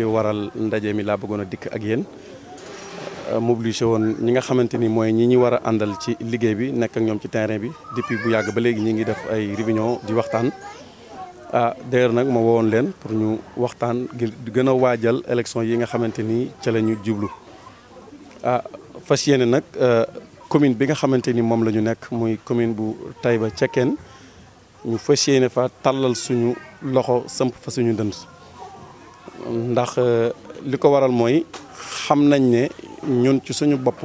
li waral ndaje mi laa bëggoon a dikk ak yéen euh, mobilisé woon ñi nga xamante ni mooy ñi ñi war a àndal ci liggéey bi nekk ak ñoom ci terrain bi depuis bu yàgg ba léegi ñi ngi def ay réunion di waxtaan ah d'ailleurs nag ma wowoon leen pour ñu waxtaan gën a waajal élection yi nga xamante ni ca la ñu jublu ah fas yéene nag euh, commune bi nga xamante ni moom lañu nekk muy commune bu Taïba Cekkeen ñu fas yéene fa tàllal suñu loxo sëmp fa suñu dënd ndax euh, li ko waral mooy xam nañ ne ñun ci suñu bopp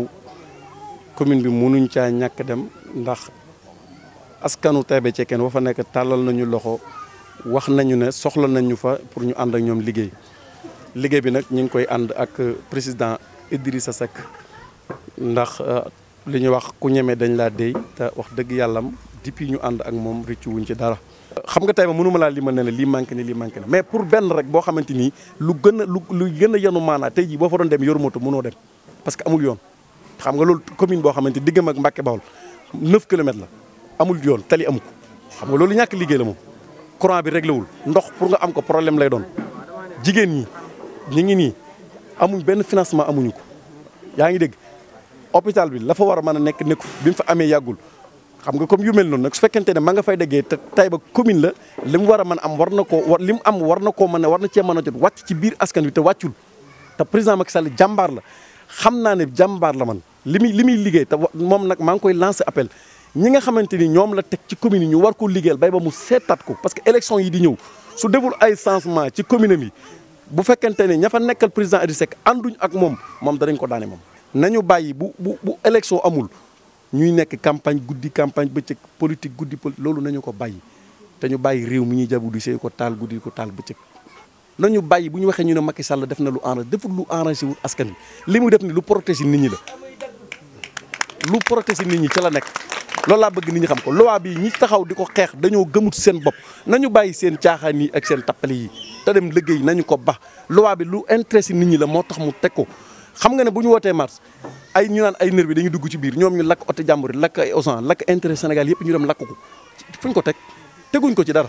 commune bi mënuñ caa ñàkk dem ndax askanu teebe Cekkeen wa fa nekk tàllal nañu loxo wax nañu ne soxla nañu fa pour ñu ànd ak ñoom liggéey liggéey bi nag ñu ngi koy ànd ak président Idrissa Seck ndax euh, li ñuy wax ku ñemee dañ laa déy te wax dëgg yàllam depuis ñu ànd ak moom rëccu wuñ ci dara. xam nga tey ma mënuma laa limal ne la lii manqué ne lii manqué ne mais pour benn rek boo xamante ni lu gën lu lu gën a yanu maanaa tey jii boo fa doon dem yor moto mënoo dem parce que amul yoon. xam nga loolu commune boo xamante diggam ak Mbacke Bawol 9 kilomètres la amul yoon tali amu xam nga loolu ñàkk liggéey la moom courant bi réglé wul ndox pour nga am ko problème lay doon jigéen ñi ñu ngi nii amuñ benn financement amuñu ko yaa ngi dégg bi la war a mën a nekk nekku bi mu fa amee yàggul. xam nga comme yu mel noonu nag su fekkente ne ma nga fay déggee te Taïba commune la li mu war a mën am war na koo war li mu am war na koo mën a war na cee mën a jot wàcc ci biir askan wi te wàccul te président Macky Sall jàmbaar la xam naa ne jàmbaar la man li muy li muy liggéey te moom nag maa ngi koy lancer appel ñi nga xamante ni ñoom la teg ci commune yi ñu war ko liggéeyal bay ba mu seetaat ko parce que élection yi di ñëw su deful ay changement ci commune am yi bu fekkente ne ña fa nekkal président Idrissa Seck ànduñ ak moom moom danañ ko daane moom nañu bàyyi bu bu bu élection amul ñuy nekk campagne guddi campagne bëccëg politique guddi politique loolu nañu ko bàyyi te ñu bàyyi réew mu ñuy jabu di sey ko taal guddi di ko taal bëccëg nañu bàyyi bu ñu waxee ñu ne Macky Sall def na lu arrangé deful lu arrangé wul askan wi li mu def ni lu protéger nit ñi la lu protéger nit ñi ci la nekk loolu laa bëgg nit ñi xam ko loi bi ñu taxaw di ko xeex dañoo gëmut seen bopp nañu bàyyi seen caaxaan yi ak seen tappale yi te dem liggéey nañu ko ba loi bi lu intéressé nit ñi la moo tax mu teg ko xam nga ne bu ñu wootee mars ay ñu naan ay nervi dañuy dugg ci biir ñoom ñu lakk oto jàmbur lakk ay Auchan lakk intérêt Sénégal yëpp ñu dem lakk ko fuñ ko teg teguñ ko ci dara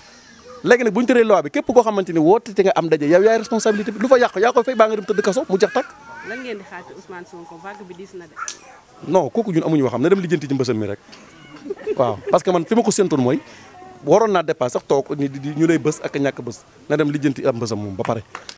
léegi nag bu ñu tëree loi bi képp koo xamante woo woote te nga am daje yow yaay responsabilité bi lu fa yàq yaa koy fay baa nga dem tëdd kaso mu jax takk lan non kooku ñun amuñu waxam na dem lijjanti ci mbësal mi rek waaw parce que man fi ma ko séntoon mooy waroon naa dépassé sax toog ni ñu lay bës ak ñàkk bës na dem lijjanti am mbësam moom ba pare